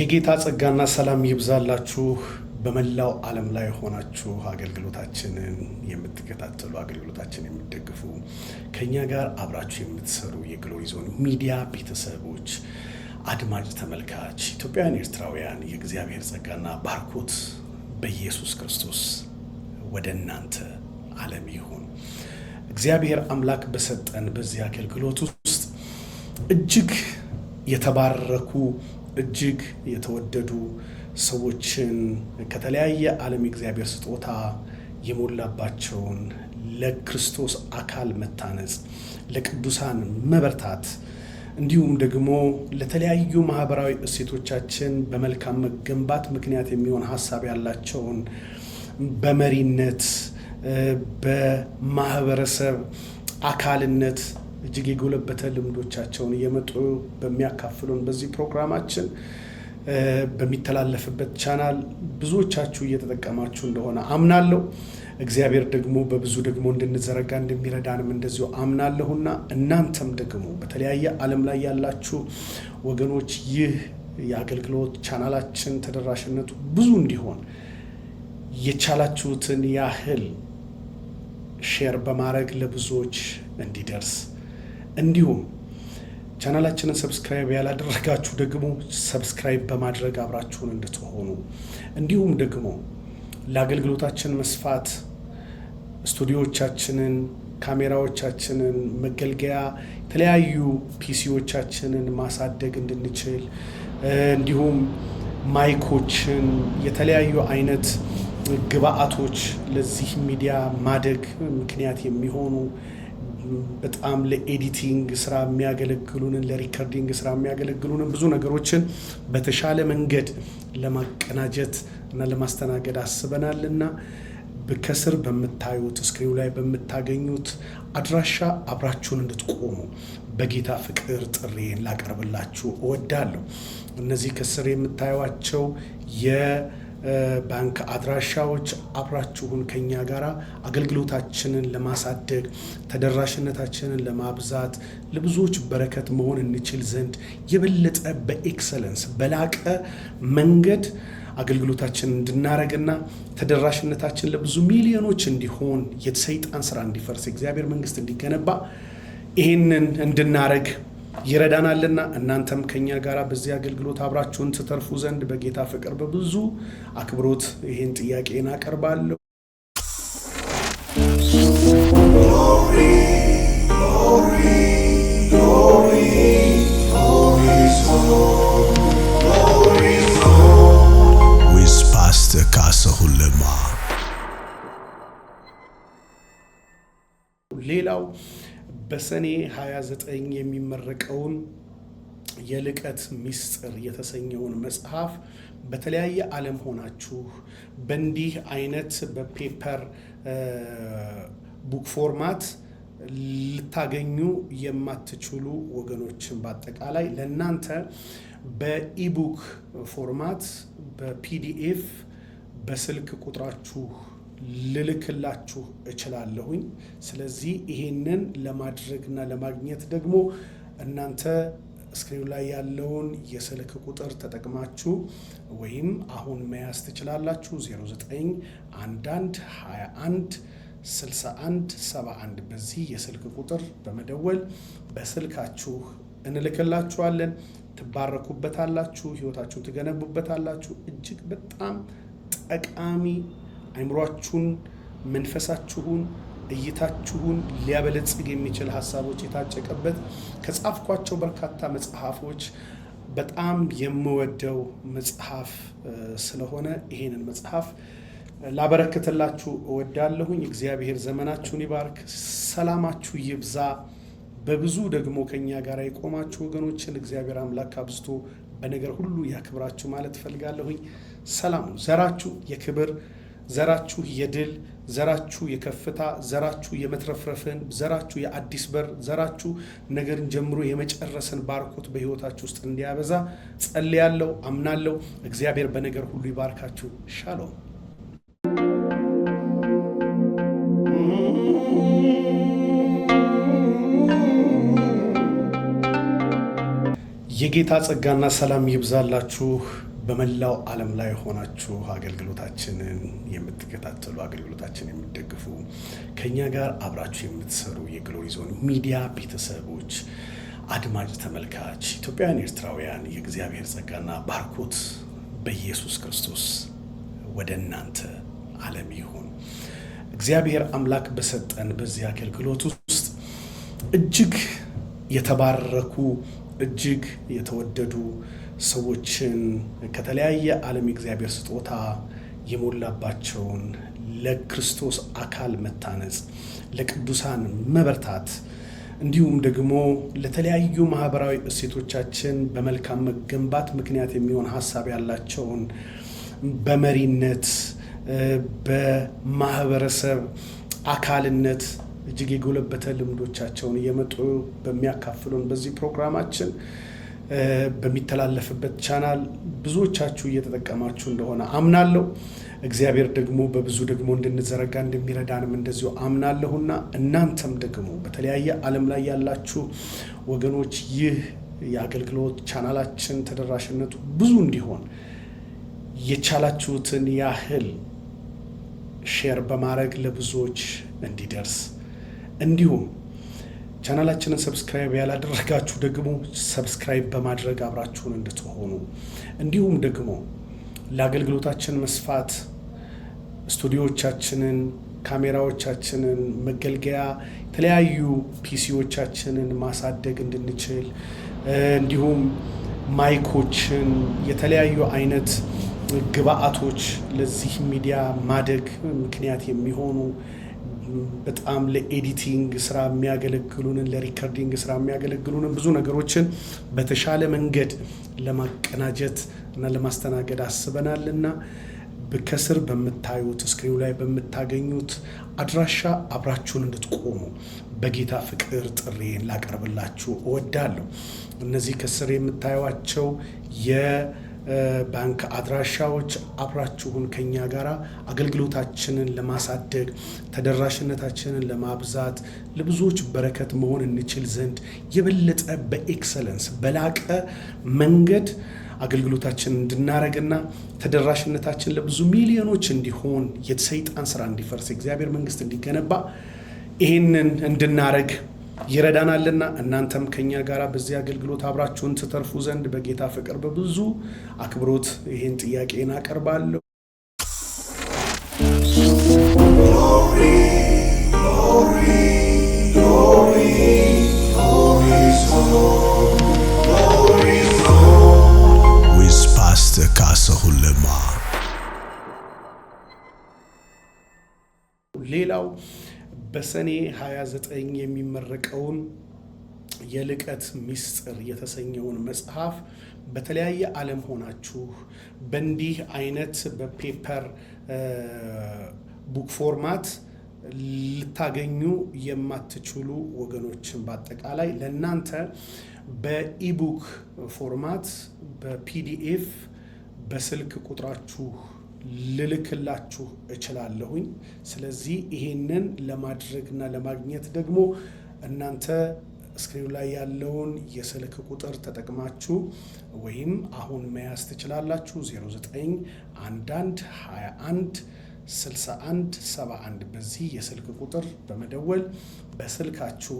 የጌታ ጸጋና ሰላም ይብዛላችሁ። በመላው ዓለም ላይ ሆናችሁ አገልግሎታችንን የምትከታተሉ አገልግሎታችን የምትደግፉ ከእኛ ጋር አብራችሁ የምትሰሩ የግሎሪ ዞን ሚዲያ ቤተሰቦች፣ አድማጭ ተመልካች፣ ኢትዮጵያውያን፣ ኤርትራውያን የእግዚአብሔር ጸጋና ባርኮት በኢየሱስ ክርስቶስ ወደ እናንተ ዓለም ይሁን። እግዚአብሔር አምላክ በሰጠን በዚህ አገልግሎት ውስጥ እጅግ የተባረኩ እጅግ የተወደዱ ሰዎችን ከተለያየ ዓለም የእግዚአብሔር ስጦታ የሞላባቸውን ለክርስቶስ አካል መታነጽ፣ ለቅዱሳን መበርታት እንዲሁም ደግሞ ለተለያዩ ማህበራዊ እሴቶቻችን በመልካም መገንባት ምክንያት የሚሆን ሀሳብ ያላቸውን በመሪነት በማህበረሰብ አካልነት እጅግ የጎለበተ ልምዶቻቸውን እየመጡ በሚያካፍሉን በዚህ ፕሮግራማችን በሚተላለፍበት ቻናል ብዙዎቻችሁ እየተጠቀማችሁ እንደሆነ አምናለሁ። እግዚአብሔር ደግሞ በብዙ ደግሞ እንድንዘረጋ እንደሚረዳንም እንደዚሁ አምናለሁና እናንተም ደግሞ በተለያየ ዓለም ላይ ያላችሁ ወገኖች ይህ የአገልግሎት ቻናላችን ተደራሽነቱ ብዙ እንዲሆን የቻላችሁትን ያህል ሼር በማድረግ ለብዙዎች እንዲደርስ እንዲሁም ቻናላችንን ሰብስክራይብ ያላደረጋችሁ ደግሞ ሰብስክራይብ በማድረግ አብራችሁን እንድትሆኑ እንዲሁም ደግሞ ለአገልግሎታችን መስፋት ስቱዲዮቻችንን ካሜራዎቻችንን፣ መገልገያ የተለያዩ ፒሲዎቻችንን ማሳደግ እንድንችል እንዲሁም ማይኮችን የተለያዩ አይነት ግብአቶች ለዚህ ሚዲያ ማደግ ምክንያት የሚሆኑ በጣም ለኤዲቲንግ ስራ የሚያገለግሉንን ለሪከርዲንግ ስራ የሚያገለግሉንን ብዙ ነገሮችን በተሻለ መንገድ ለማቀናጀት እና ለማስተናገድ አስበናል እና ከስር በምታዩት ስክሪኑ ላይ በምታገኙት አድራሻ አብራችሁን እንድትቆሙ በጌታ ፍቅር ጥሬን ላቀርብላችሁ እወዳለሁ። እነዚህ ከስር የምታዩቸው የ ባንክ አድራሻዎች አብራችሁን ከኛ ጋር አገልግሎታችንን ለማሳደግ ተደራሽነታችንን ለማብዛት ለብዙዎች በረከት መሆን እንችል ዘንድ የበለጠ በኤክሰለንስ በላቀ መንገድ አገልግሎታችን እንድናረግና ተደራሽነታችን ለብዙ ሚሊዮኖች እንዲሆን የሰይጣን ስራ እንዲፈርስ እግዚአብሔር መንግስት እንዲገነባ ይህንን እንድናረግ ይረዳናልና እናንተም ከኛ ጋር በዚህ አገልግሎት አብራችሁን ትተርፉ ዘንድ በጌታ ፍቅር በብዙ አክብሮት ይህን ጥያቄን አቀርባለሁ። በሰኔ 29 የሚመረቀውን የልቀት ምስጢር የተሰኘውን መጽሐፍ በተለያየ ዓለም ሆናችሁ በእንዲህ አይነት በፔፐር ቡክ ፎርማት ልታገኙ የማትችሉ ወገኖችን በአጠቃላይ ለእናንተ በኢቡክ ፎርማት በፒዲኤፍ በስልክ ቁጥራችሁ ልልክላችሁ እችላለሁኝ። ስለዚህ ይሄንን ለማድረግና ለማግኘት ደግሞ እናንተ ስክሪኑ ላይ ያለውን የስልክ ቁጥር ተጠቅማችሁ ወይም አሁን መያዝ ትችላላችሁ 09 11 21 61 71 በዚህ የስልክ ቁጥር በመደወል በስልካችሁ እንልክላችኋለን። ትባረኩበታላችሁ፣ ህይወታችሁን ትገነቡበታላችሁ። እጅግ በጣም ጠቃሚ አይምሯችሁን፣ መንፈሳችሁን፣ እይታችሁን ሊያበለጽግ የሚችል ሀሳቦች የታጨቀበት ከጻፍኳቸው በርካታ መጽሐፎች በጣም የምወደው መጽሐፍ ስለሆነ ይሄንን መጽሐፍ ላበረክትላችሁ እወዳለሁኝ። እግዚአብሔር ዘመናችሁን ይባርክ፣ ሰላማችሁ ይብዛ። በብዙ ደግሞ ከኛ ጋር የቆማችሁ ወገኖችን እግዚአብሔር አምላክ አብዝቶ በነገር ሁሉ ያክብራችሁ ማለት እፈልጋለሁኝ። ሰላም ዘራችሁ የክብር ዘራችሁ የድል ዘራችሁ የከፍታ ዘራችሁ የመትረፍረፍን ዘራችሁ የአዲስ በር ዘራችሁ ነገርን ጀምሮ የመጨረስን ባርኮት በህይወታችሁ ውስጥ እንዲያበዛ ጸልያለሁ፣ አምናለሁ። እግዚአብሔር በነገር ሁሉ ይባርካችሁ። ሻሎም የጌታ ጸጋና ሰላም ይብዛላችሁ። በመላው ዓለም ላይ ሆናችሁ አገልግሎታችንን የምትከታተሉ አገልግሎታችን የምትደግፉ ከኛ ጋር አብራችሁ የምትሰሩ የግሎሪ ዞን ሚዲያ ቤተሰቦች አድማጭ ተመልካች ኢትዮጵያውያን፣ ኤርትራውያን የእግዚአብሔር ጸጋና ባርኮት በኢየሱስ ክርስቶስ ወደ እናንተ ዓለም ይሁን። እግዚአብሔር አምላክ በሰጠን በዚህ አገልግሎት ውስጥ እጅግ የተባረኩ እጅግ የተወደዱ ሰዎችን ከተለያየ ዓለም የእግዚአብሔር ስጦታ የሞላባቸውን ለክርስቶስ አካል መታነጽ፣ ለቅዱሳን መበርታት እንዲሁም ደግሞ ለተለያዩ ማህበራዊ እሴቶቻችን በመልካም መገንባት ምክንያት የሚሆን ሀሳብ ያላቸውን በመሪነት በማህበረሰብ አካልነት እጅግ የጎለበተ ልምዶቻቸውን እየመጡ በሚያካፍሉን በዚህ ፕሮግራማችን በሚተላለፍበት ቻናል ብዙዎቻችሁ እየተጠቀማችሁ እንደሆነ አምናለሁ። እግዚአብሔር ደግሞ በብዙ ደግሞ እንድንዘረጋ እንደሚረዳንም እንደዚሁ አምናለሁና እናንተም ደግሞ በተለያየ ዓለም ላይ ያላችሁ ወገኖች ይህ የአገልግሎት ቻናላችን ተደራሽነቱ ብዙ እንዲሆን የቻላችሁትን ያህል ሼር በማድረግ ለብዙዎች እንዲደርስ እንዲሁም ቻናላችንን ሰብስክራይብ ያላደረጋችሁ ደግሞ ሰብስክራይብ በማድረግ አብራችሁን እንድትሆኑ እንዲሁም ደግሞ ለአገልግሎታችን መስፋት ስቱዲዮቻችንን ካሜራዎቻችንን፣ መገልገያ የተለያዩ ፒሲዎቻችንን ማሳደግ እንድንችል እንዲሁም ማይኮችን የተለያዩ አይነት ግብአቶች ለዚህ ሚዲያ ማደግ ምክንያት የሚሆኑ በጣም ለኤዲቲንግ ስራ የሚያገለግሉንን ለሪከርዲንግ ስራ የሚያገለግሉንን ብዙ ነገሮችን በተሻለ መንገድ ለማቀናጀት እና ለማስተናገድ አስበናል እና ከስር በምታዩት እስክሪኑ ላይ በምታገኙት አድራሻ አብራችሁን እንድትቆሙ በጌታ ፍቅር ጥሪን ላቀርብላችሁ እወዳለሁ። እነዚህ ከስር የምታዩቸው የ ባንክ አድራሻዎች አብራችሁን ከኛ ጋር አገልግሎታችንን ለማሳደግ ተደራሽነታችንን ለማብዛት ለብዙዎች በረከት መሆን እንችል ዘንድ የበለጠ በኤክሰለንስ በላቀ መንገድ አገልግሎታችን እንድናረግና ተደራሽነታችን ለብዙ ሚሊዮኖች እንዲሆን የሰይጣን ስራ እንዲፈርስ እግዚአብሔር መንግስት እንዲገነባ ይህንን እንድናረግ ይረዳናልና እናንተም ከኛ ጋር በዚህ አገልግሎት አብራችሁን ትተርፉ ዘንድ በጌታ ፍቅር በብዙ አክብሮት ይህን ጥያቄን አቀርባለሁ። ሌላው በሰኔ 29 የሚመረቀውን የልቀት ምስጢር የተሰኘውን መጽሐፍ በተለያየ ዓለም ሆናችሁ በእንዲህ አይነት በፔፐር ቡክ ፎርማት ልታገኙ የማትችሉ ወገኖችን በአጠቃላይ ለእናንተ በኢቡክ ፎርማት በፒዲኤፍ በስልክ ቁጥራችሁ ልልክላችሁ እችላለሁኝ። ስለዚህ ይሄንን ለማድረግና ለማግኘት ደግሞ እናንተ ስክሪኑ ላይ ያለውን የስልክ ቁጥር ተጠቅማችሁ ወይም አሁን መያዝ ትችላላችሁ 09 11 21 61 71 በዚህ የስልክ ቁጥር በመደወል በስልካችሁ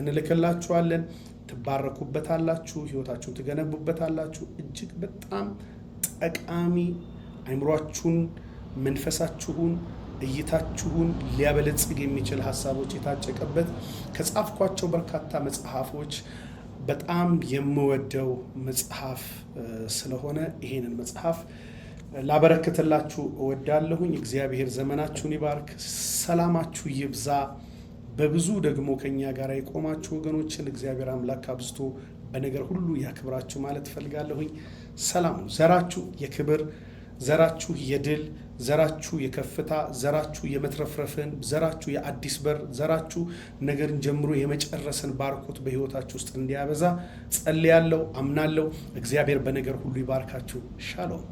እንልክላችኋለን። ትባረኩበታላችሁ፣ ህይወታችሁን ትገነቡበታላችሁ። እጅግ በጣም ጠቃሚ አይምሯችሁን፣ መንፈሳችሁን፣ እይታችሁን ሊያበለጽግ የሚችል ሀሳቦች የታጨቀበት ከጻፍኳቸው በርካታ መጽሐፎች በጣም የምወደው መጽሐፍ ስለሆነ ይሄንን መጽሐፍ ላበረክትላችሁ እወዳለሁኝ። እግዚአብሔር ዘመናችሁን ይባርክ፣ ሰላማችሁ ይብዛ። በብዙ ደግሞ ከኛ ጋር የቆማችሁ ወገኖችን እግዚአብሔር አምላክ አብዝቶ በነገር ሁሉ ያክብራችሁ ማለት እፈልጋለሁኝ። ሰላም ዘራችሁ የክብር ዘራችሁ የድል ዘራችሁ የከፍታ ዘራችሁ የመትረፍረፍን ዘራችሁ የአዲስ በር ዘራችሁ ነገርን ጀምሮ የመጨረስን ባርኮት በህይወታችሁ ውስጥ እንዲያበዛ ጸልያለሁ፣ አምናለሁ። እግዚአብሔር በነገር ሁሉ ይባርካችሁ። ሻሎም